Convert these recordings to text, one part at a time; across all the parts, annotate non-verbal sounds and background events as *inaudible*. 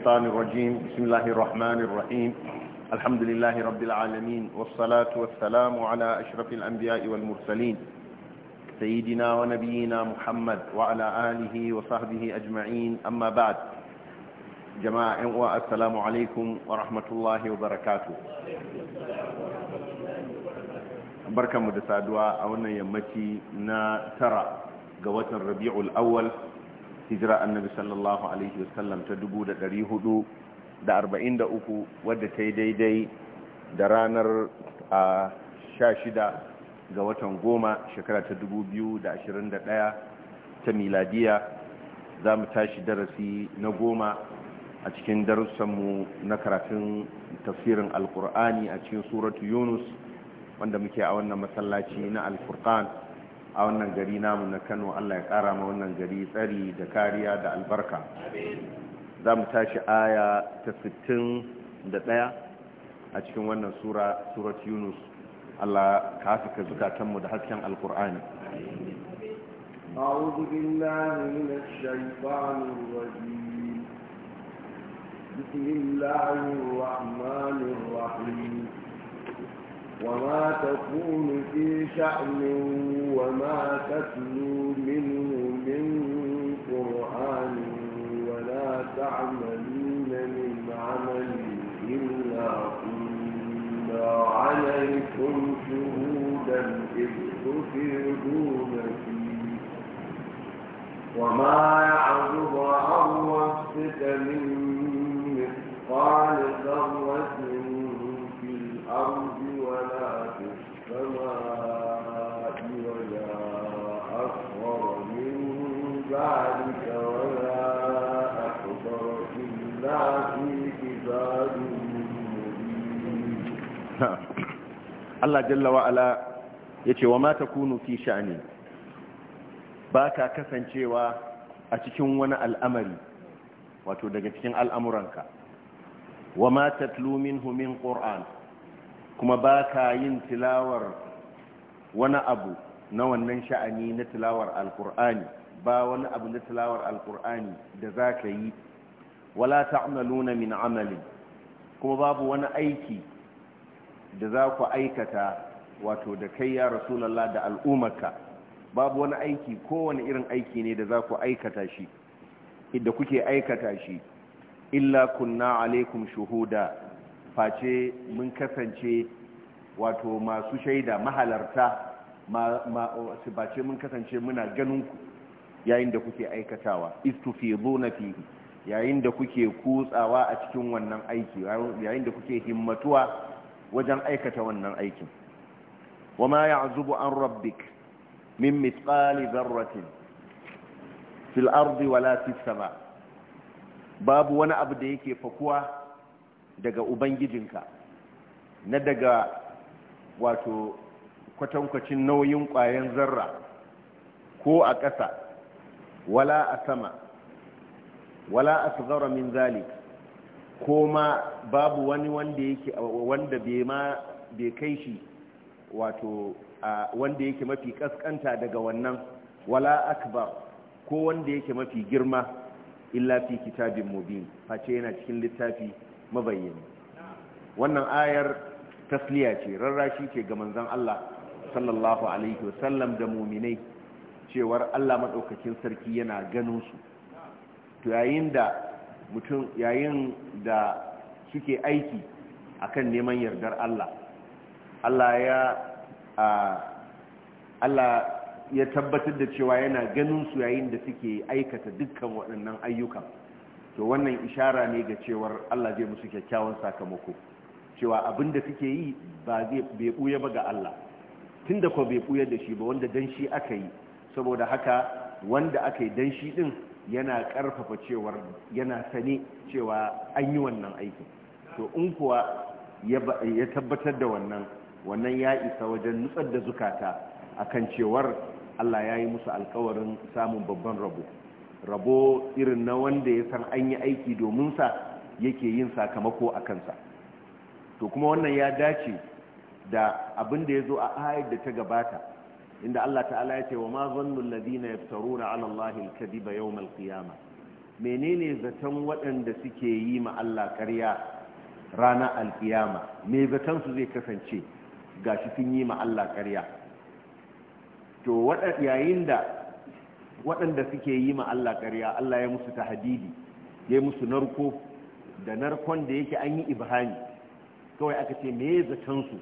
الشيطان الرجيم بسم الله الرحمن الرحيم الحمد لله رب العالمين والصلاة والسلام على أشرف الأنبياء والمرسلين سيدنا ونبينا محمد وعلى آله وصحبه أجمعين أما بعد جماعة والسلام عليكم ورحمة الله وبركاته بركة مدسادوا أولا يمتي نا ترى قوة الربيع الأول hijira annabi sallallahu alaihi wasallam ta uku, wadda ta yi daidai da ranar a sha shida ga watan goma shekara ta da da 2021 ta miladiya za mu tashi darasi na goma a cikin darussanmu na karatun tafsirin alkur'ani a cikin suratu yunus wanda muke a wannan masallaci na alkur'an a wannan gari namu na kano allah ya kara ma wannan gari tsari da kariya da albarka za mu tashi aya ta 61 a cikin wannan sura surat yunus allah ka haska zukatanmu da hasken alkur'ani أعوذ بالله من الشيطان الرجيم بسم الله الرحمن الرحيم وما تكون في شأن وما تتلو منه من قرآن ولا تعملون من عمل إلا كنا عليكم شهودا إذ تفردون فيه وما يعرض عن ربك من مثقال Allah jalla wa ala ce, wa ma takunu fi ba baka kasancewa a cikin wani al'amari wato daga cikin al'amuranka wa mata tlumin-humin min Kuma kuma baka yin tilawar wani abu na wannan sha'ani na tilawar alur'ani ba wani abu na tilawar alqur'ani da zaka yi wala ta'maluna min amalin kuma babu wani aiki da za ku aikata wato da kai ya rasulallah da al'ummarka babu wani aiki kowane irin aiki ne da za ku aikata shi da kuke aikata shi illa kunna alaikum shuhuda face mun kasance wato masu shaida mahalarta face mun kasance muna ganinku yayin da kuke aikatawa istufiduna fihi yayin da kuke kutsawa a cikin wannan aiki yayin da kuke himmatuwa wajen aikata wannan aikin wa ma ya'zubu an rabbik min mithqali zarratin fil ardi wala babu wani abu da yake fakuwa daga ubangijinka na daga wato kwatankwacin nauyin ƙwayan zarra ko a ƙasa wala a sama wala a min zalik ko ma babu wani wanda yake wanda bai ma bai kai shi wato wanda yake mafi kaskanta daga wannan wala akbar ko wanda yake mafi girma illa fi kitabin mubin face yana cikin littafi mabayyani wannan ayar tasliya ce rarrashi ce ga manzon Allah sallallahu alaihi wasallam da muminai cewar Allah madaukakin sarki yana ganin su to yayin da mutum yayin da suke aiki akan neman yardar Allah Allah ya Allah ya tabbatar da cewa yana ganin su yayin da suke aikata dukkan waɗannan ayyukan to wannan ishara ne ga cewar Allah zai musu kyakkyawan sakamako cewa abin da suke yi ba zai bai buya ba ga Allah tunda ko bai buya da shi ba wanda dan shi aka yi saboda haka wanda aka yi dan shi din yana ƙarfafa cewar yana sani cewa an yi wannan aikin to in kuwa ya tabbatar da wannan wannan ya isa wajen nutsar da zukata akan cewar Allah ya yi musu alkawarin samun babban rabo rabo irin na wanda ya san an yi aiki domin sa yake yin sakamako a kansa to kuma wannan ya dace da abin da ya zo a ayar da ta gabata inda Allah ta'ala ya ce wa ma zannu alladhina yaftaruna 'ala Allahi al-kadhiba yawm al-qiyamah menene zaton waɗanda suke yi ma Allah ƙarya rana al-qiyama me zaton su zai kasance gashi sun yi ma Allah ƙarya to yayin da waɗanda suke yi ma Allah ƙarya Allah ya musu tahadidi ya musu narko da narkon da yake an yi ibhani kawai aka ce me zaton su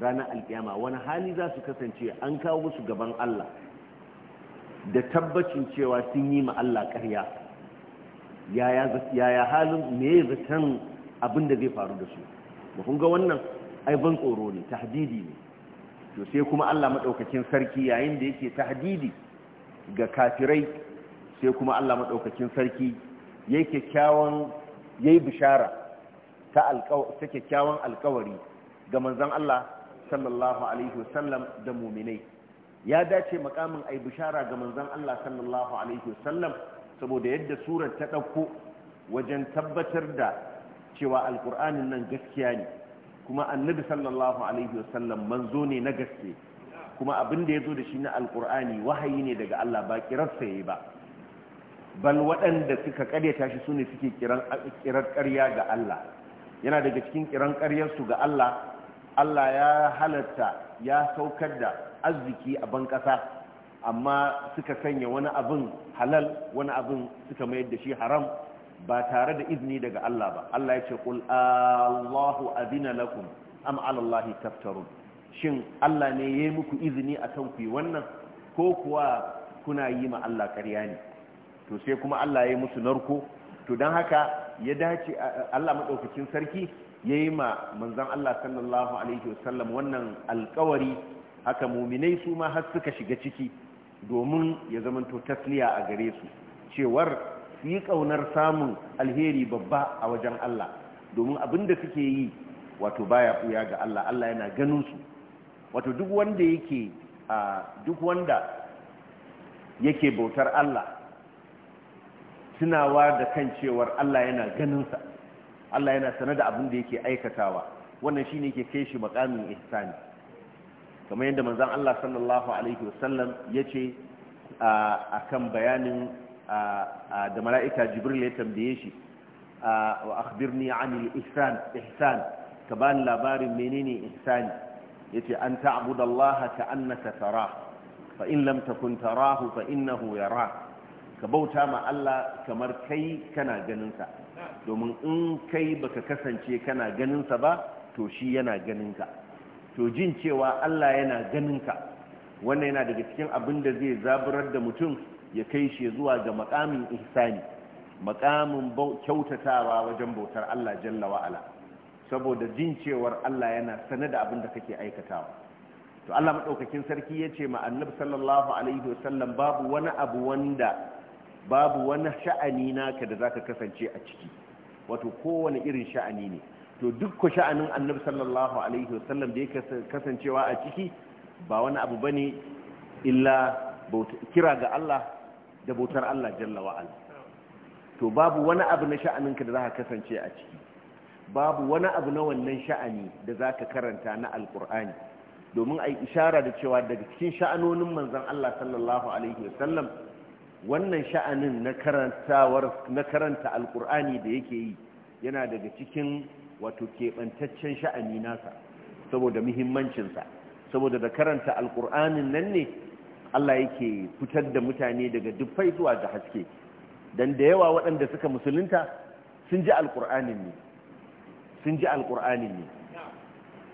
ranar alkiyama wani hali za su kasance an kawo musu gaban Allah da tabbacin cewa sun yi ma Allah ƙarya yaya halin me zaton abin da zai faru da su ba kun ga wannan aiban tsoro ne tahdidi ne to sai kuma Allah maɗaukakin sarki yayin da yake tahdidi ga kafirai sai kuma Allah maɗaukakin sarki ya yi bishara ta kyakkyawan alkawari ga manzon Allah sallallahu alaihi wasallam da muminai ya dace makamin ai bishara ga manzon Allah sallallahu alaihi wasallam saboda yadda surar ta dauko wajen tabbatar da cewa alkur'ani nan gaskiya ne kuma annabi sallallahu alaihi wasallam manzo ne na gaske kuma abin da ya zo da shi na alkur'ani wahayi ne daga Allah ba kirarsa yayi ba bal waɗanda suka karyata shi sune suke kiran kirar ƙarya ga Allah yana daga cikin kiran su ga Allah Allah ya halatta ya saukar da arziki a ban ƙasa amma suka sanya wani abin halal wani abin suka mayar da shi haram ba tare da izini daga Allah ba Allah ya ce qul Allahu azina lakum am ala Allahi taftarun shin Allah ne yayi muku izini akan ku wannan ko kuwa kuna yi ma Allah ƙarya ne to sai kuma Allah ya yi musu narko to dan haka ya dace Allah madaukakin sarki ya yi ma manzan Allah sallallahu Alaihi wasallam wannan alkawari haka muminai su ma har suka shiga ciki domin ya zamanto tasliya a gare su cewar su yi ƙaunar samun alheri babba a wajen Allah domin abin da suke yi wato baya ɓuya ga Allah Allah yana ganin su wato duk wanda yake duk wanda yake bautar Allah tunawa da kan cewar Allah yana ganin sa. Allah yana sanar da abin da yake aikatawa wannan shine ke kai shi makamin ihsani kamar yadda manzan Allah sallallahu alaihi wasallam akan bayanin da mala'ika Jibril ya tambaye shi wa akhbirni anil ihsan ihsan ka bani labarin menene ihsani yace an ta'budallaha ka'annaka tarah fa in lam takun tarahu fa innahu yarah ka bauta ma Allah kamar kai kana ganin ganinsa domin in kai baka kasance kana ganinsa ba to shi yana ganin ka. to jin cewa Allah yana ganin ka wannan yana daga cikin abin da zai zaburar da mutum ya kai shi zuwa ga makamin ihsani makamin kyautatawa wajen bautar Allah jalla wa'ala saboda jin cewar Allah yana sane da abin da kake aikatawa to Allah madaukakin sarki yace ma annabi sallallahu alaihi wasallam babu wani abu wanda babu wani sha'ani naka da zaka kasance a ciki wato kowane irin sha'ani ne to duk sha'anin annabi sallallahu alaihi wasallam da yake kasancewa a ciki ba wani abu bane illa kira ga Allah da bautar Allah jalla wa ala to babu wani abu na sha'aninka da zaka kasance a ciki babu wani abu na wannan sha'ani da zaka karanta na alqur'ani domin ai ishara da cewa daga cikin sha'anonin manzon Allah sallallahu alaihi wasallam wannan sha'anin na karantawar na karanta alkur'ani da yake yi yana daga cikin wato keɓantaccen sha'ani nasa saboda muhimmancinsa saboda da karanta alkur'anin nan ne Allah yake fitar da mutane daga dufai zuwa ga haske don da yawa waɗanda suka musulunta sun ji alkur'anin ne sun ji alkur'anin ne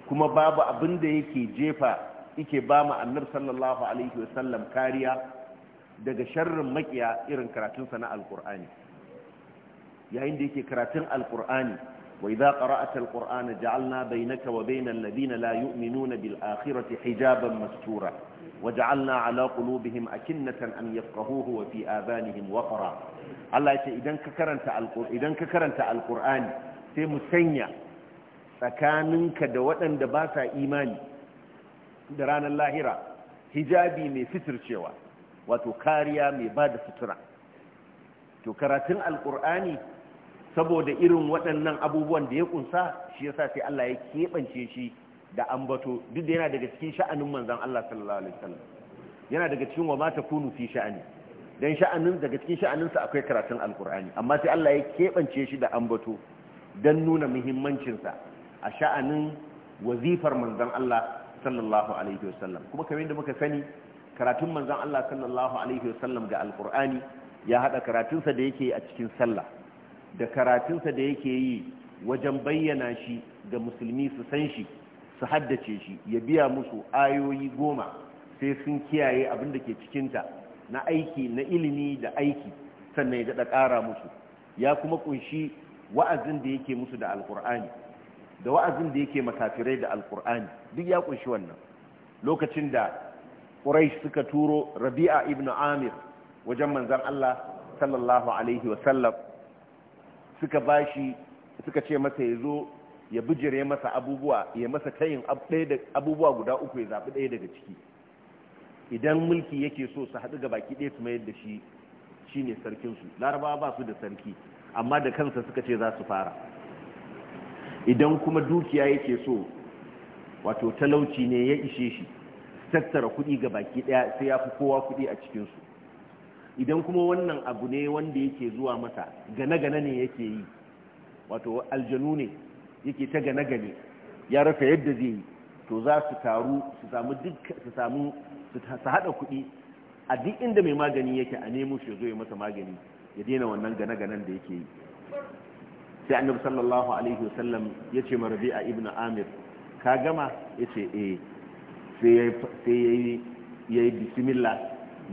kuma babu abin da yake jefa yake ba mu annabi sallallahu alaihi wasallam kariya daga sharrin makiya irin karatunsa na alkur'ani yayin da yake karatun alkur'ani wa za qara'ata alqur'ana ja'alna bainaka wa bainal ladina la yu'minuna bil akhirati hijaban mastura waja'alna ala qulubihim akinnatan an yafqahuhu wa fi adhanihim waqra Allah yace idan ka karanta alkur'ani idan ka karanta sai mu sanya tsakaninka da waɗanda ba sa imani da ranar lahira hijabi mai fitircewa wato kariya mai ba da sutura to karatun alkur'ani saboda irin waɗannan abubuwan da ya kunsa shi ya sa sai Allah ya keɓance shi da ambato duk da yana daga cikin sha'anin manzan Allah sallallahu alaihi wasallam yana daga cikin wa mata kunu fi sha'ani dan sha'anin daga cikin sha'anin sa akwai karatun alkur'ani amma sai Allah ya keɓance shi da ambato dan nuna muhimmancin sa a sha'anin wazifar manzan Allah sallallahu alaihi wasallam kuma kamar yadda muka sani karatun manzon Allah sallallahu alaihi wasallam ga alqur'ani ya haɗa karatunsa da yake a cikin sallah da karatunsa da yake yi wajen bayyana shi ga musulmi su san shi su haddace shi ya biya musu ayoyi goma sai sun kiyaye abin da ke cikinta na aiki na ilimi da aiki sannan ya daɗa ƙara musu ya kuma ƙunshi wa'azin da yake musu da alƙur'ani da wa'azin da yake makafirai da alƙur'ani duk ya ƙunshi wannan lokacin da quraish suka turo rabi'a ibn amir wajen manzon Allah sallallahu alaihi sallam suka bashi suka ce masa yazo ya bijire masa abubuwa ya masa tayin abubuwa guda uku ya zafi ɗaya daga ciki idan mulki yake so su haɗu ga baki ɗaya su mayar da shi shine sarkin sarkinsu larabawa ba su da sarki amma da kansa suka ce za su fara idan kuma dukiya yake so wato talauci ne ya ishe shi tattara kuɗi ga baki ɗaya sai ya fi kowa kuɗi a cikinsu idan kuma wannan abu ne wanda yake zuwa masa gane-gane ne yake yi wato aljanu ne yake ta gane-gane ya rasa yadda zai yi to za su taru su samu duk su samu su haɗa kuɗi a duk inda mai magani yake a nemo shi zo ya masa magani ya daina wannan gane-ganen da yake yi sai annabi sallallahu alaihi wasallam ya ce ma a ibnu amir ka gama ya ce eh sai ya yi bismillah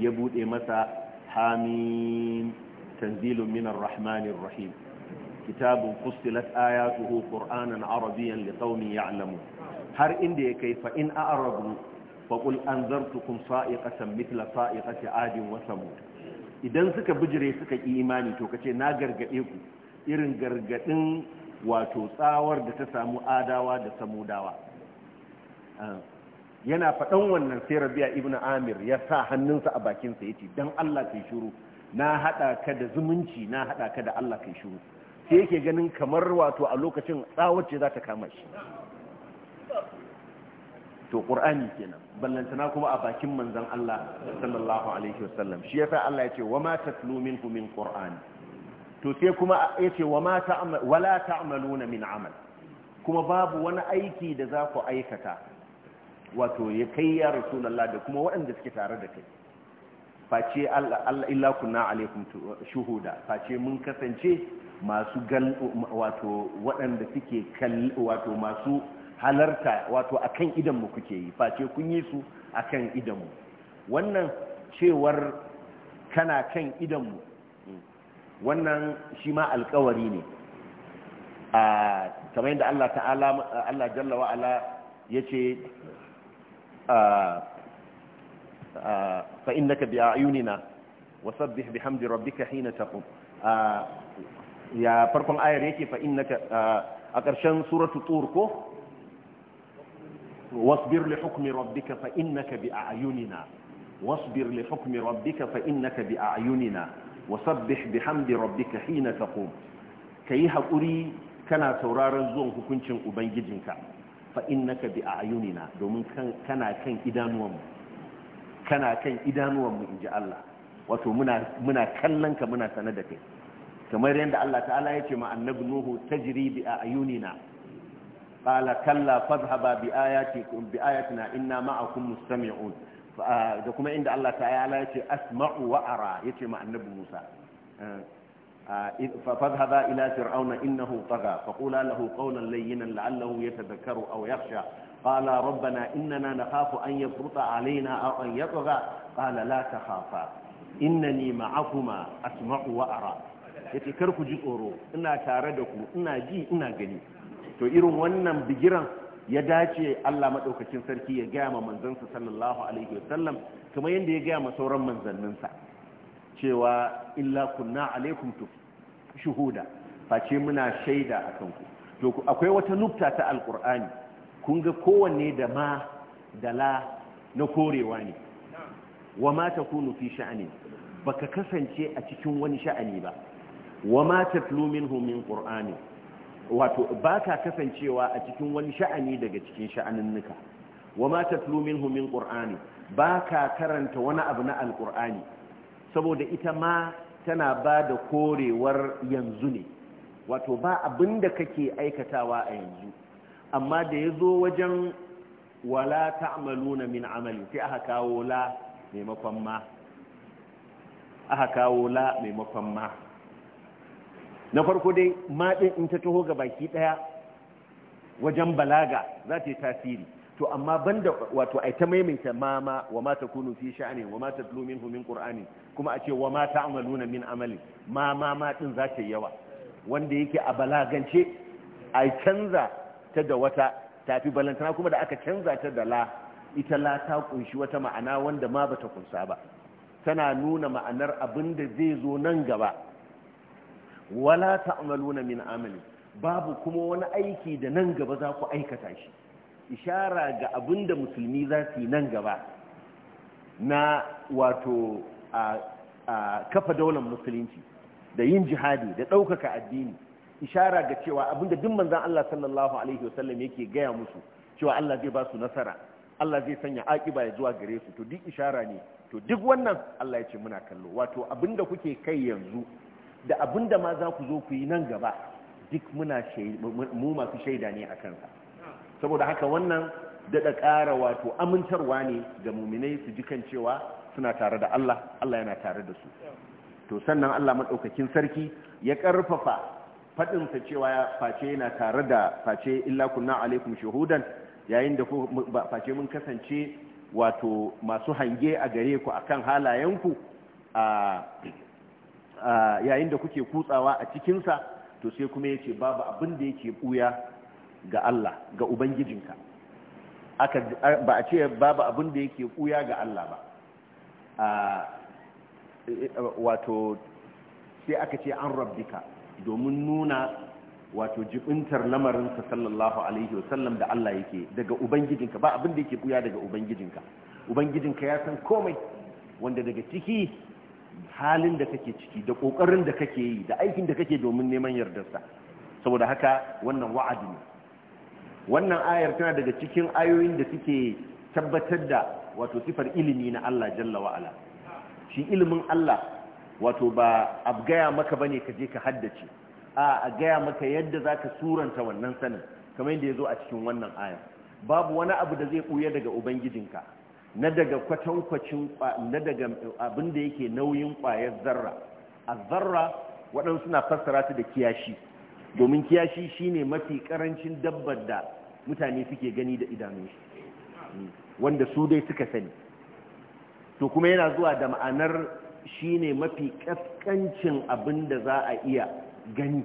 ya buɗe masa hamim tanzilun minar rahmanin rahim kitabun fustilat ayatuhu qur'anan arabiyan liqaumin ya'lamun har inda ya kai fa in a'radu faƙul an zartukum sa'iƙatan mitla sa'iƙati adin wasa idan suka bijire suka ƙi imani to kace na gargaɗe ku irin gargaɗin wato tsawar da ta samu adawa da samudawa ah. yana faɗan wannan sai rabia ibn amir ya sa hannunsa a bakinsa ya ce don allah kai shuru na haɗa ka da zumunci na haɗa ka da allah kai shuru sai yake ganin kamar wato a lokacin tsawace za ta kama shi to ƙur'ani kenan ballantana kuma a bakin manzon allah sallallahu alaihi wasallam shi yasa allah ya ce wa ma tatlu minhu min qur'ani to sai kuma ya ce wa ma ta'mal wala ta'maluna min amal kuma babu wani aiki da za ku aikata wato ya kai ya rasulallah da kuma waɗanda suke tare da kai face Allah illa kunna alaikum shuhuda face mun kasance masu gal wato waɗanda suke kalli wato masu halarta wato akan idan mu kuke yi face kun yi su akan idan mu wannan cewar kana kan idan mu wannan shi ma alƙawari ne a kamar yadda Allah ta'ala Allah jalla wa ala yace fa innaka bi ayunina wasabbih bihamdi rabbika hina taqum ya farkon ayar yake fa innaka a ƙarshen suratu tur ko wasbir li hukmi rabbika fa innaka bi ayunina wasbir li hukmi rabbika fa innaka bi ayunina wasabbih kayi hakuri kana sauraron zuwan hukuncin ubangijinka fa naka bi ayunina domin kana kan idanuwanmu kana kan idanuwanmu inji Allah wato muna muna kallon ka muna sanar da kai kamar yadda Allah ta'ala ya ce ma annabi nuhu tajri bi ayunina qala kalla fadhhaba bi ayatikum bi ayatina inna mustami'un da kuma inda Allah ta'ala ya ce asma'u wa'ara ara yace ma Musa eh, فاذهبا إلى فرعون إنه طغى فقولا له قولا لينا لعله يتذكر أو يخشى قال ربنا إننا نخاف أن يفرط علينا أو أن يطغى قال لا تخافا إنني معكما أسمع وأرى yace kar ku ji tsoro ina tare da ku ina ji ina gani to irin wannan bigiran ya dace Allah madaukakin sarki ya gaya ma manzansa sallallahu alaihi yanda ya gaya ma sauran manzanninsa cewa illa kunna alaikum tu shuhuda face muna shaida a kanku to akwai wata nukta ta alkur'ani kun ga kowanne da ma da la na korewa ne wa ma takunu fi sha'ani baka kasance a cikin wani sha'ani ba wa ma tatlu minhu min qur'ani wato baka kasancewa a cikin wani sha'ani daga cikin sha'aninnuka wa ma tatlu minhu min qur'ani baka karanta wani abu na alkur'ani saboda ita ma tana ba da korewar yanzu ne wato ba abin da kake aikatawa a yanzu amma da ya zo wajen wala amaluna min amali sai aka kawo la maimakon ma aka kawo la maimakon ma na farko dai ma in ta taho ga baki ɗaya wajen balaga za ta yi tasiri to amma banda wato ai ta ma mama wa ma kunu fi sha'ani wa ma tatlu minhu min qur'ani kuma a ce wa ma amaluna min amali ma ma ma din za ta yawa wanda yake a balagance ai canza ta da wata tafi balantana kuma da aka canza ta da la ita la ta kunshi wata ma'ana wanda ma bata kunsa ba tana nuna ma'anar abin da zai zo nan gaba wala ta amaluna min amali babu kuma wani aiki da nan gaba za ku aikata shi ishara ga abin da musulmi za su yi nan gaba na wato a kafa daular musulunci da yin jihadi da ɗaukaka addini ishara ga cewa abinda duk manzan Allah sallallahu alaihi wasallam yake gaya musu cewa Allah zai ba su nasara Allah zai sanya akiba ya zuwa gare su to duk ishara ne to duk wannan Allah ya ce muna kallo wato abinda kuke kai yanzu da abinda ma za ku zo ku yi nan gaba duk muna mu masu shaida ne a kansa saboda haka wannan daɗa ƙara wato amintarwa ne ga muminai su ji kan cewa suna tare da Allah Allah yana tare da su to sannan Allah maɗaukakin sarki ya ƙarfafa faɗinsa cewa face yana tare da face illa kunna alaikum shahudan yayin da face mun kasance wato masu hange a gare ku akan halayenku a yayin da kuke kutsawa a cikinsa to sai kuma yace babu abin da yake buya. ga Allah ga ubangijinka aka ba a ce babu abin da yake kuya ga Allah ba a wato sai aka ce an rabbika domin nuna wato jibintar lamarinsa sallallahu alaihi wasallam da Allah yake daga ubangijinka ba abin da yake kuya daga ubangijinka ubangijinka ya san komai wanda daga ciki halin da kake ciki da kokarin da kake yi da aikin da kake domin neman yardarsa saboda haka wannan wa'adi ne wannan ayar tana daga cikin ayoyin da suke tabbatar da wato sifar ilimi na Allah jalla wa'ala shi ilimin Allah wato ba a gaya maka bane ka je ka haddace a a gaya maka yadda ka suranta wannan sanin kamar yadda yazo a cikin wannan ayar babu wani abu da zai buya daga ubangijinka na daga kwatankwacin na daga abin da yake nauyin kwayar zarra a zarra waɗansu na fassara ta da kiyashi domin kiyashi shine mafi karancin dabbar da mutane suke gani da idanun shi wanda su dai suka sani to kuma yana zuwa da ma'anar shine mafi kaskancin abin da za a iya gani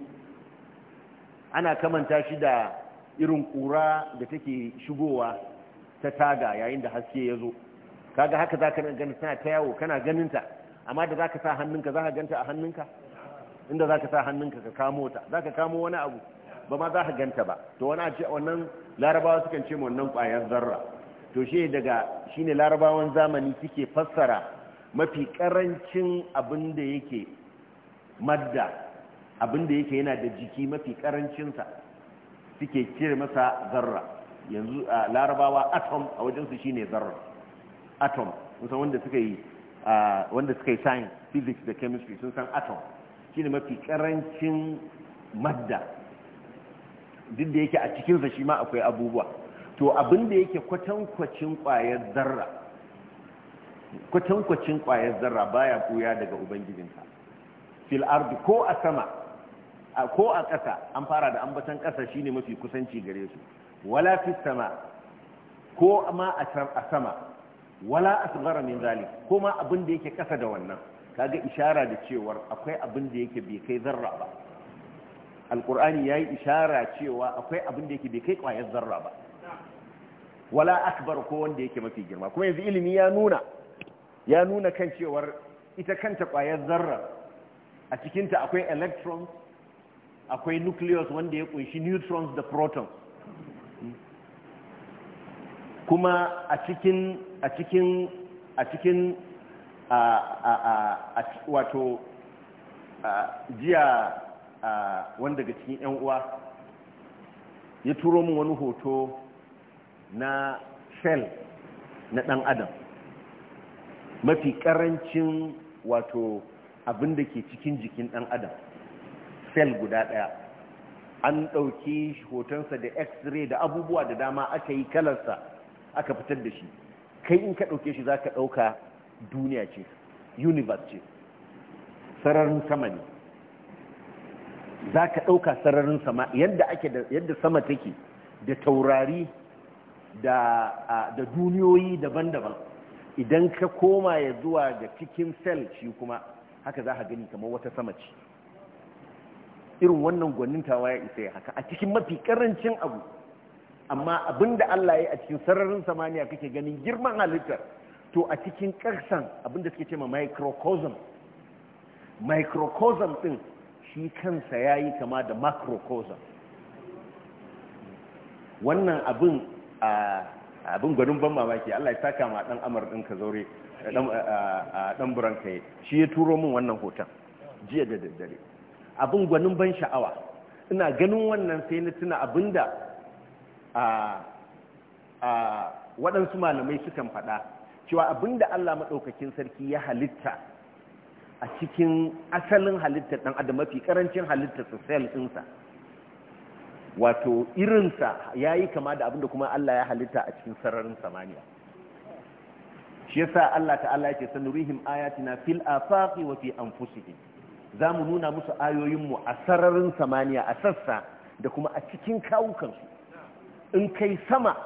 ana kamanta shi da irin kura da take shigowa ta taga yayin da haske ya zo kaga haka za ka gani tana ta yawo kana ganinta amma da za ka sa hannunka za ka ganta a hannunka inda za ka sa hannunka ka kamo ta za ka kamo wani abu ba ma za ka ganta ba to wani a ce wannan larabawa sukan ce wannan ƙwayar zarra to shi daga shi ne larabawan zamani suke fassara mafi ƙarancin abin da yake madda abin da yake yana da jiki mafi ƙarancinsa suke cire masa zarra yanzu a larabawa atom a wajensu shi ne zarra atom musamman wanda suka yi wanda suka yi science physics da chemistry sun san atom shine mafi karancin madda duk da yake a cikinsa shi ma akwai abubuwa to abin da yake kwatankwacin kwayar zarra kwatankwacin kwayar zarra baya buya daga ubangijinka fil ardi ko a sama ko a ƙasa an fara da ambatan ƙasa shine mafi kusanci gare su wala fi sama ko ma a sama wala asghara min zalik ko ma abin da yake ƙasa da wannan kaga ishara da cewar akwai abin da yake bai kai zarra ba alkur'ani ya yi ishara cewa akwai abin da yake bai kai kwayar zarra ba wala akbar ko wanda yake mafi girma kuma yanzu ilimi ya nuna ya nuna kan cewar ita kanta kwayar zarra a cikinta akwai electrons akwai nucleus wanda ya kunshi neutrons da protons kuma a cikin a cikin a cikin a wato jiya wanda daga cikin 'yan uwa ya turo min wani hoto na shell na ɗan adam mafi ƙarancin wato abin da ke cikin jikin ɗan adam shell guda ɗaya an ɗauke hotonsa da x-ray da abubuwa da dama aka yi kalarsa aka fitar da shi kai in ka ɗauke shi za ka ɗauka duniya ce universe ce sararin sama ne za ka ɗauka sararin sama yadda ake yadda sama take da taurari da duniyoyi daban-daban idan ka koma ya zuwa ga cikin sel shi kuma haka za ka gani kamar wata sama ce irin wannan gwanintawa ya isa ya haka a cikin mafi karancin abu amma abinda Allah ya yi a cikin sararin samaniya kake ganin girman halittar to a cikin ƙarsan abinda suke ce ma microcosm microcosm ɗin shi kansa ya yi kama da macrocosm wannan abin abin gwanin ban mamaki Allah ya saka ma ɗan amur ɗin ka zaure a buran ka yi shi ya turo min wannan hoton jiya da daddare abin gwanin ban sha'awa ina ganin wannan sai na tuna abinda waɗansu malamai sukan faɗa cewa abinda Allah maɗaukakin sarki ya halitta a cikin asalin halittar ɗan adam mafi ƙarancin halittar sel ɗinsa wato irinsa ya yi kama da abinda kuma Allah ya halitta a cikin sararin samaniya shi yasa Allah ta'ala yake sanurihim ayatina fil afaqi wa fi anfusihim za mu nuna musu ayoyinmu a sararin samaniya a sassa da kuma a cikin kawukansu in kai sama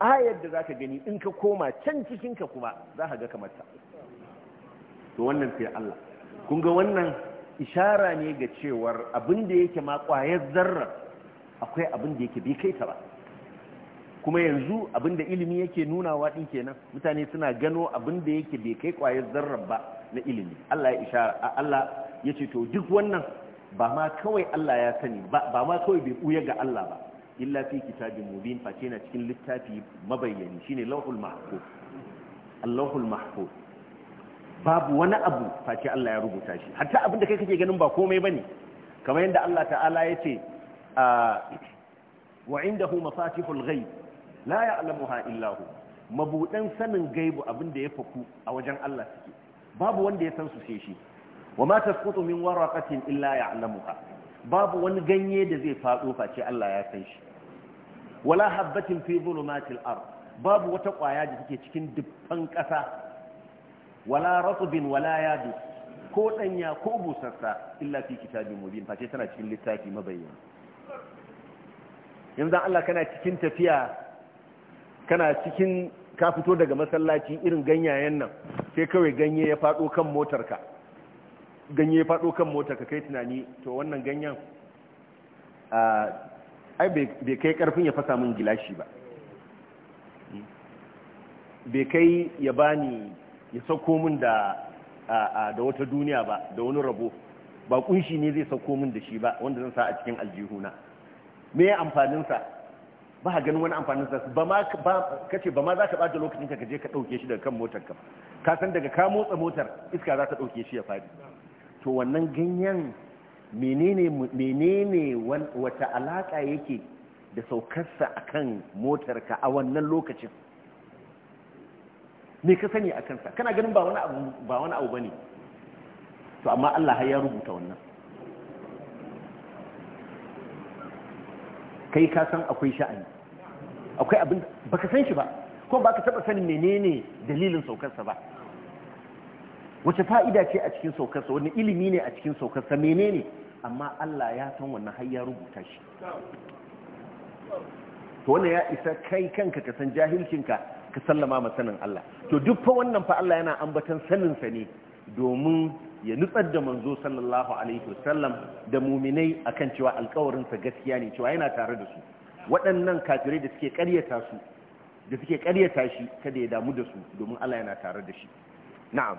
ayar da ka gani in ka koma can cikinka kuma za ka ga kamar to wannan sai Allah kun ga wannan ishara ne ga cewar abin da yake ma kwayar zarra akwai abin da yake bai kai ta ba kuma yanzu abin da ilimi yake nunawa din kenan mutane suna gano abin da yake bai kai kwayar zarra ba na ilimi Allah ya ishara Allah ya ce to duk wannan ba ma kawai Allah ya sani ba ma kawai bai ɓuya ga Allah ba illa fi kitabin mubin face na cikin littafi mabayyani shine lauhul mahfuz allahul mahfuz babu wani abu face Allah ya rubuta shi hatta abinda kai kake ganin ba komai bane kamar yadda Allah ta'ala ya ce ah, wa indahu mafatihul ghaib la ya'lamuha illa hu mabudan sanin gaibu abinda ya faku a wajen Allah suke babu wanda ya san su sai shi wa ma tasqutu min waraqatin illa ya'lamuha babu wani ganye da zai faɗo. face Allah ya san shi wala habbatin fi zulumatil ard babu wata kwaya da take cikin dubban ƙasa wala ratbin wala yadu ko danya ko busassa illa fi kitabin mubin ce tana cikin littafi mabayyan yanzu Allah kana cikin tafiya kana cikin ka fito daga masallaci irin ganyayen nan sai kawai ganye ya faɗo kan motarka ganye ya faɗo kan motarka kai tunani to wannan ganyen ah, ai bai kai karfin ya fasa min gilashi ba bai kai ya bani ya sauko min da da wata duniya ba da wani rabo ba kunshi ne zai sauko min da shi ba wanda zan sa a cikin aljihuna me ya amfaninsa ba ka ganin wani amfaninsa ba ma ba ma za ka ɓata lokacin ka je ka dauke shi daga kan motar ka ka san daga ka motsa motar iska za ta dauke shi ya faɗi to wannan ganyen menene wata alaka yake da saukarsa akan motarka a wannan lokacin me ka sani a kansa kana ganin ba wani abu ba wani abu bane to amma Allah har ya rubuta wannan kai ka san akwai sha'ani akwai abin baka san shi ba ko baka taba sanin menene dalilin saukarsa ba wace fa'ida ce a cikin saukarsa wani ilimi ne a cikin saukarsa mene ne? amma Allah ya san wannan har ya rubuta shi to wannan ya isa kai kanka ka san jahilcinka ka sallama ma sanin Allah to duk fa wannan fa Allah yana ambatan saninsa ne domin ya nutsar da manzo sallallahu alaihi wasallam da muminai akan cewa alƙawarin sa gaskiya ne cewa yana tare da su waɗannan kafirai da suke ƙaryata su da suke ƙaryata shi kada ya damu da su domin Allah yana tare da shi na'am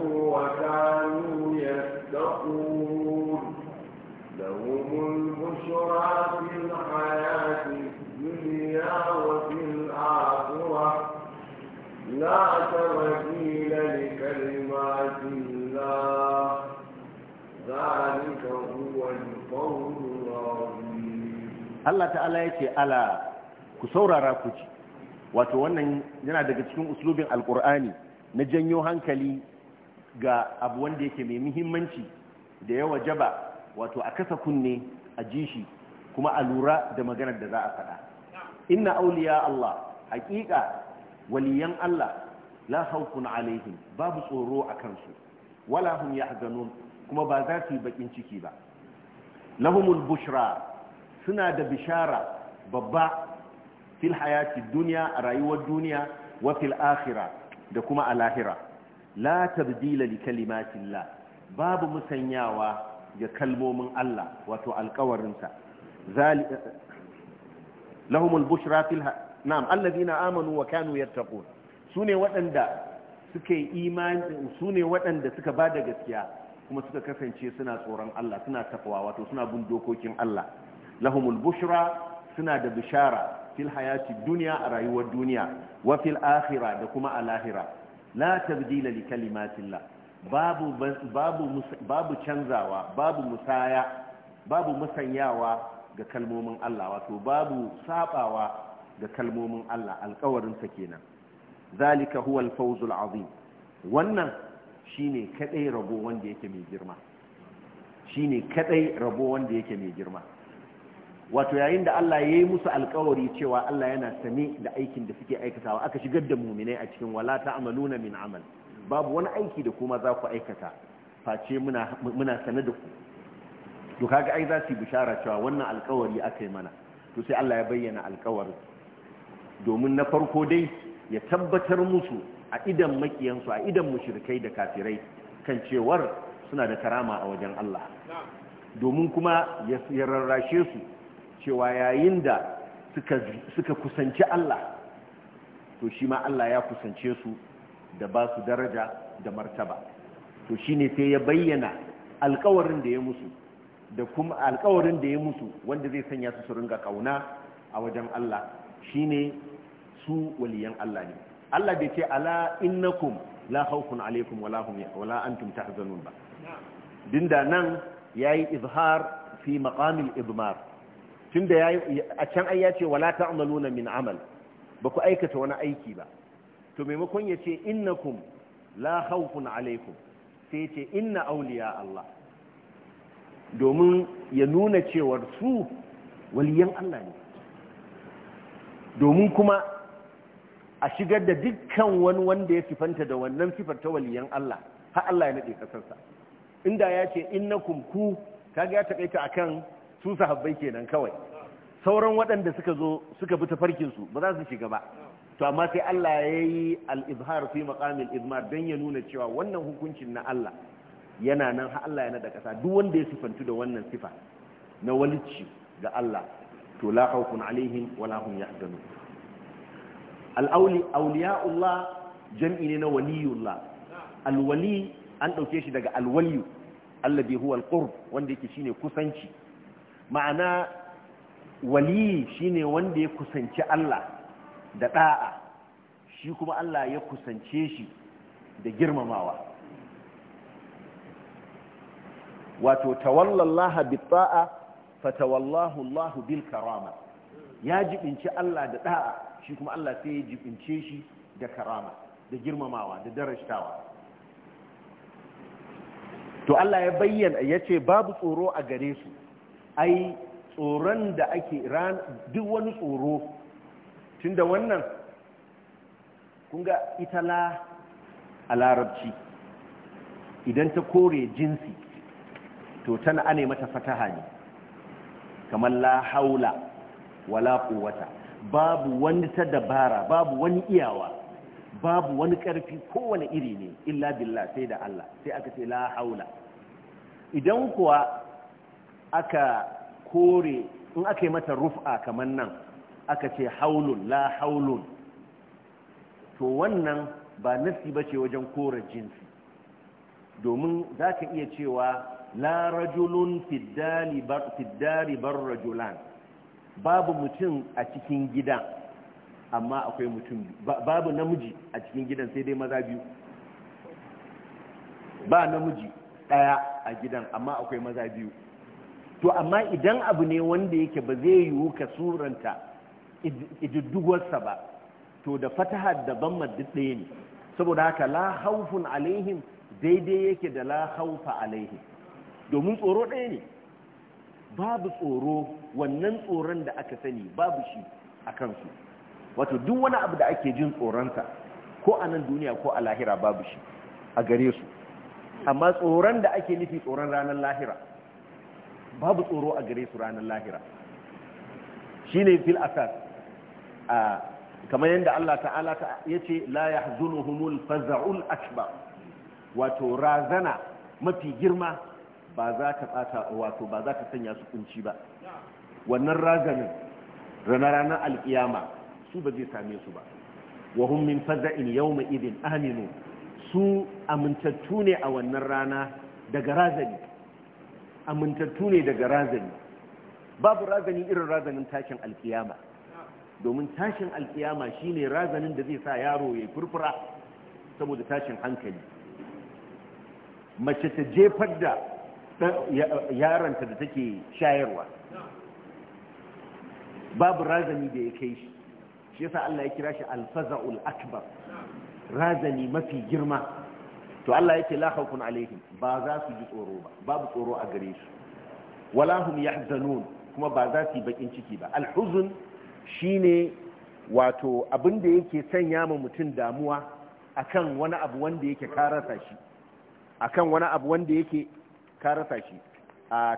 Allah ta'ala ya ce ala ku saurara ku ci wato wannan yana daga cikin uslubin alkur'ani na janyo hankali ga abu wanda yake mai muhimmanci da yawa jaba wato a kasa kunne a ji shi kuma a lura da maganar da za a faɗa inna auliya Allah haƙiƙa waliyan Allah la haukun alaihim babu tsoro a kansu wala hum yahzanun kuma ba za su yi baƙin ciki ba lahumul bushra suna da bishara babba fil hayati duniya a rayuwar duniya wa fil akhira da kuma a lahira la tabdila li kalimatillah babu musanyawa ga kalmomin Allah wato alkawarinsa lahum albushra fil na'am alladhina amanu wa kanu yattaqun sune waɗanda suka yi imani sune waɗanda suka bada gaskiya kuma suka kasance suna tsoron Allah suna takwa wato suna bin dokokin Allah lahumul bushra suna da bishara fil hayati duniya a rayuwar duniya wa fil akhira da kuma a lahira la tabdila li kalimatillah babu canzawa babu musaya babu musanyawa ga kalmomin Allah wato babu saɓawa ga kalmomin Allah alƙawarin sa kenan zalika huwa al-fawzul azim wannan shine kadai shine kadai rabo wanda yake mai girma wato yayin da Allah ya yi musu alkawari cewa Allah yana sami da aikin da suke aikatawa aka shigar da muminai a cikin wala amaluna min amal babu wani aiki da kuma za ku aikata face muna muna sane da ku to kaga ai za su bishara cewa wannan alkawari aka yi mana to sai Allah ya bayyana alkawarin domin na farko dai ya tabbatar musu a idan makiyansu a idan mushrikai da kafirai kan cewar suna da karama a wajen Allah domin kuma ya rarrashe su cewa yayin da suka kusanci Allah to shi ma Allah ya kusance su da ba su daraja da martaba to shi ne sai ya bayyana alkawarin da ya musu da kuma alkawarin da ya musu wanda zai sanya su su ringa kauna a wajen Allah shi ne su waliyan Allah ne Allah bai ce ala innakum la khawfun alaikum wala wala antum tahzanun ba dinda nan yayi izhar fi maqamil idmar tunda yayi a can ai ya ce wala ta'maluna min amal ba ku aikata wani aiki ba to maimakon ya ce innakum la khawfun alaikum sai ce inna auliya Allah domin ya nuna cewar su waliyan Allah ne domin kuma a shigar da dukkan wani wanda ya sifanta da wannan sifar ta waliyan Allah har Allah ya nade kasarsa inda ya ce innakum ku kaga ya takaita akan su sahabbai kenan kawai sauran waɗanda suka zo suka bi tafarkin su ba za su shiga ba to amma sai Allah ya yi al'izhar izhar fi izmar dan ya nuna cewa wannan hukuncin na Allah yana nan ha Allah ya da kasa duk wanda ya sifantu da wannan sifa na walici ga Allah to la khawfun alaihim wala hum yahzanun al-awli awliyaullah jam'i ne na waliyullah al-wali an dauke shi daga al-waliyu alladhi huwa al-qurb wanda yake shine kusanci ma'ana waliyi shine wanda ya kusanci Allah da ɗa'a shi kuma Allah ya kusance shi da girmamawa wato tawallallaha bi ta'a fatawallahu Allah bil karama ya jibinci Allah da ɗa'a shi kuma Allah sai ya jibince shi da karama da girmamawa da darashtawa to Allah ya bayyana ya ce babu tsoro a gare su ai tsoron da ake duk wani tsoro tun da wannan kunga itala a larabci idan ta kore jinsi to tana ane mata fataha ne kamar la haula wala quwwata babu wani ta dabara babu wani iyawa babu wani karfi kowane iri ne illa billah sai da Allah sai aka ce la haula idan kuwa aka kore in aka yi mata rufa kamar nan aka ce haulun la haulun to wannan ba nasi ba ce wajen kore jinsi domin za ka iya cewa la rajulun fiddari bar rajulan babu mutum a cikin gidan amma akwai mutum babu namiji a cikin gidan sai dai maza biyu ba namiji daya a gidan amma akwai maza biyu to amma idan abu ne wanda yake ba zai yiwu ka suranta ididdugwarsa ba to da fataha daban maddi ɗaya ne saboda haka la haufun alaihim daidai yake da la haufa alaihim domin tsoro ɗaya ne babu tsoro wannan tsoron da aka sani babu shi a kansu wato duk wani abu da ake jin tsoronsa ko a nan duniya ko a lahira babu shi a gare su amma tsoron da ake nufi tsoron ranar lahira babu tsoro a gare su ranar lahira shine fil asas kamar yadda Allah ta'ala ya ce la yahzunuhumul faza'ul wato razana mafi girma ba za ta wato ba za ta sanya su kunci ba wannan razanin ranar ranar alkiyama su ba zai same su ba wa min faza'in yauma idin aminu su amintattu ne a wannan rana daga razani amintattu ne daga razani babu razani irin razanin tashin alkiyama domin tashin alkiyama shine razanin da zai sa yaro ya furfura saboda tashin hankali mace ta jefar da yaranta da take shayarwa babu razani da ya kai shi shi yasa Allah ya kira shi alfaza'ul akbar razani mafi girma to Allah yake la khawfun alaihim ba za su ji tsoro ba babu tsoro a gare su wala hum yahzanun kuma ba za su yi bakin ciki ba Alhuzun shine wato abin da yake sanya ma mutum damuwa akan wani abu wanda yake karasa shi akan wani abu wanda yake karasa shi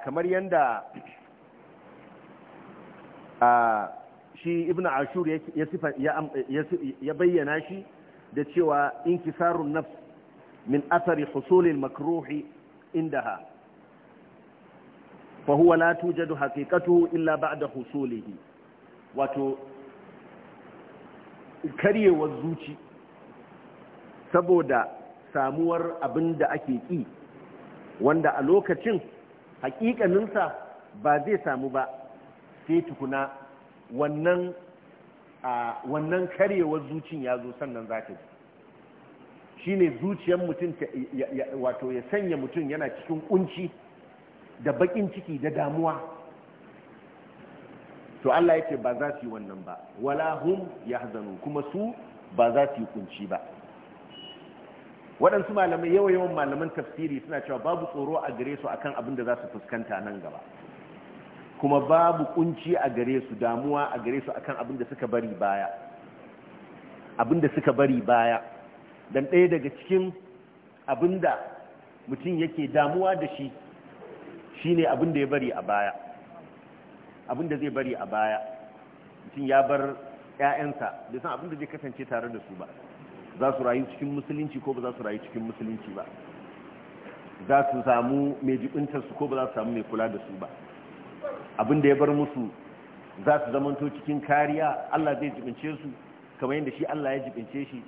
kamar yanda shi ibnu ashur ya bayyana shi da cewa inkisarun nafs min أثر حصول المكروح عندها فهو لا توجد حقيقته إلا illa ba'da husulihi wato karyewar zuci saboda samuwar abin da ake ƙi wanda a lokacin hakikaninsa ba zai samu ba sai tukuna wannan karyewar zucin ya zo sannan za ta ji shine zuciyar mutum wato ya sanya mutum yana cikin kunci da bakin ciki da damuwa to Allah ya ce ba za su yi wannan ba wala hum yahzanu kuma su ba za su yi kunci ba waɗansu malamai yawa yawan malaman tafsiri suna cewa babu tsoro a gare su akan abin da za su fuskanta nan gaba kuma babu kunci a gare su damuwa a gare su akan abin da suka bari baya abin da suka bari baya dan ɗaya daga cikin abinda mutum yake damuwa da shi shi abin abinda ya bari a baya abinda zai bari a baya mutum ya bar 'ya'yansa, bai san abinda zai kasance tare da su ba za su rayu cikin musulunci ko ba za su rayu cikin musulunci ba za su samu mai jibintarsu ko ba za su samu mai kula da su ba abinda ya bar musu za su zamanto cikin kariya Allah zai jibince su kamar yadda shi Allah ya jibince shi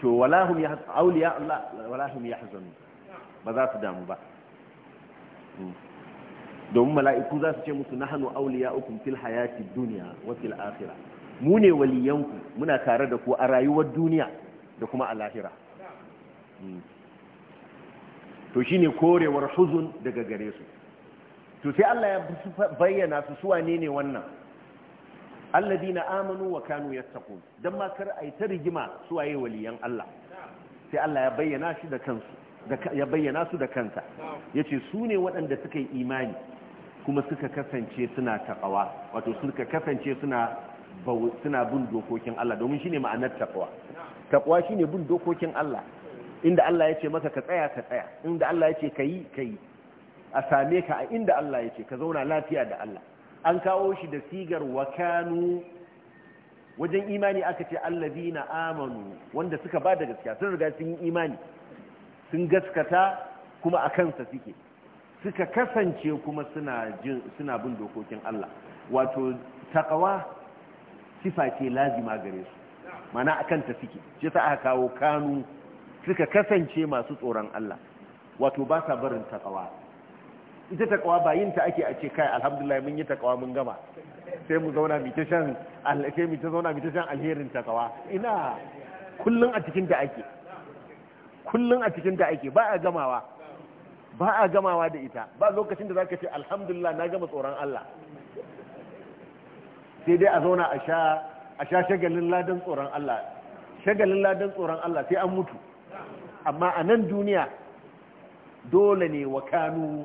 to walahum ya auliya Allah walahum ya hazanu ba za su damu ba hmm. domin mala'iku za su ce musu nahanu auliya ukun fil hayati duniya wa fil akhirah mu ne waliyanku muna tare da ku a rayuwar duniya da kuma a lahira hmm. to shine korewar huzun daga gare su to sai Allah ya bayyana su suwa ne ne wannan alladina amanu wa kanu yattaqun dan ma kar ai ta rigima su waye waliyan Allah sai Allah ya bayyana shi da kansu ya bayyana su da yace su ne waɗanda suka yi imani kuma suka kasance suna taqwa wato suka kasance suna suna bin dokokin Allah domin shine ma'anar taqwa taqwa shine bin dokokin Allah inda Allah yace maka ka tsaya ka tsaya inda Allah yace kayi yi a same ka a inda Allah yace ka zauna lafiya da Allah an kawo shi da sigar wakanu wajen imani aka ce Allah na amanu wanda suka ba da gaskiya sun riga sun yi imani sun gaskata kuma a kansa suke suka kasance kuma suna bin dokokin Allah wato takawa sifa ce lazima gare su mana a kanta suke ce ta aka kawo kanu suka kasance masu tsoron Allah wato ba sa barin takawa ita takawa ba yin ta ake a ce kai alhamdulillah mun yi takawa mun gama sai mu zauna mu ta shan sai mu ta zauna mu ta shan alherin takawa ina kullun a cikin ta ake kullun a cikin ta ake ba a gamawa ba a gamawa da ita ba lokacin da zaka ce alhamdulillah na gama tsoron Allah sai dai a zauna a sha a sha shagalin ladan tsoron Allah shagalin ladan tsoron Allah sai an mutu amma a nan duniya dole ne wa kanu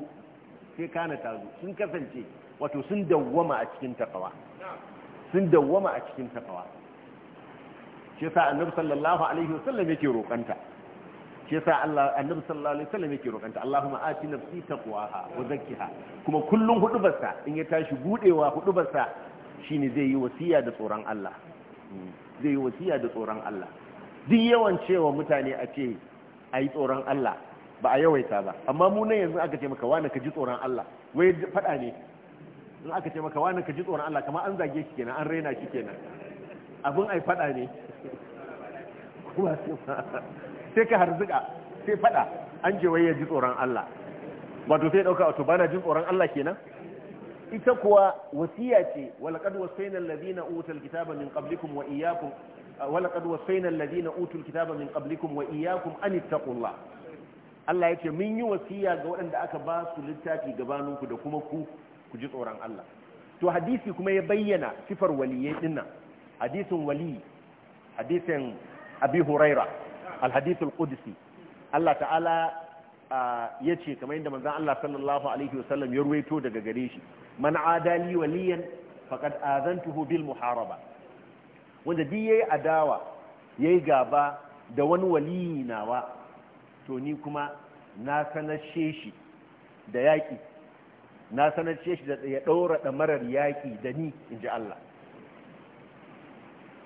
sai kana tazo sun kasance wato sun dawwama a cikin taqwa sun dawwama a cikin taqwa shi yasa annabi sallallahu alaihi wasallam yake roƙanta shi yasa Allah annabi sallallahu alaihi wasallam yake roƙanta Allahumma ati nafsi taqwaha wa zakkiha kuma kullun hudubarsa in ya tashi budewa hudubarsa shine zai yi wasiya da tsoron Allah zai yi wasiya da tsoron Allah duk yawan cewa mutane a ce ayi tsoron Allah ba a yawaita ba amma mu nan yanzu aka ce maka wani ka ji tsoron Allah wai faɗa ne in aka ce maka wani ka ji tsoron Allah kamar an zage shi kenan an raina shi kenan abin ai faɗa ne kuma sai ka harzuka sai faɗa an je wai ya ji tsoron Allah wato sai ɗauka wato bana jin tsoron Allah kenan ita kuwa wasiya ce walaqad wasayna alladhina utul kitaba min qablikum wa iyyakum walaqad wasayna alladhina utul kitaba min qablikum wa iyyakum an ittaqullah Allah ya ce mun yi wasiya ga waɗanda aka ba su littafi gabaninku da kuma ku ku ji tsoron Allah to hadisi kuma ya bayyana sifar waliyai dinnan hadisin wali hadisin abi huraira alhadithul qudsi Allah ta'ala ya ce kamar yadda manzon Allah sallallahu alaihi wasallam ya ruwaito daga gare shi man adali waliyan faqad azantuhu bil muharaba wanda duk yayi adawa yayi gaba da wani waliyi nawa to ni kuma na sanashe shi da yaƙi na sanashe shi da ya ɗaura ɗamarar yaƙi da ni in ji Allah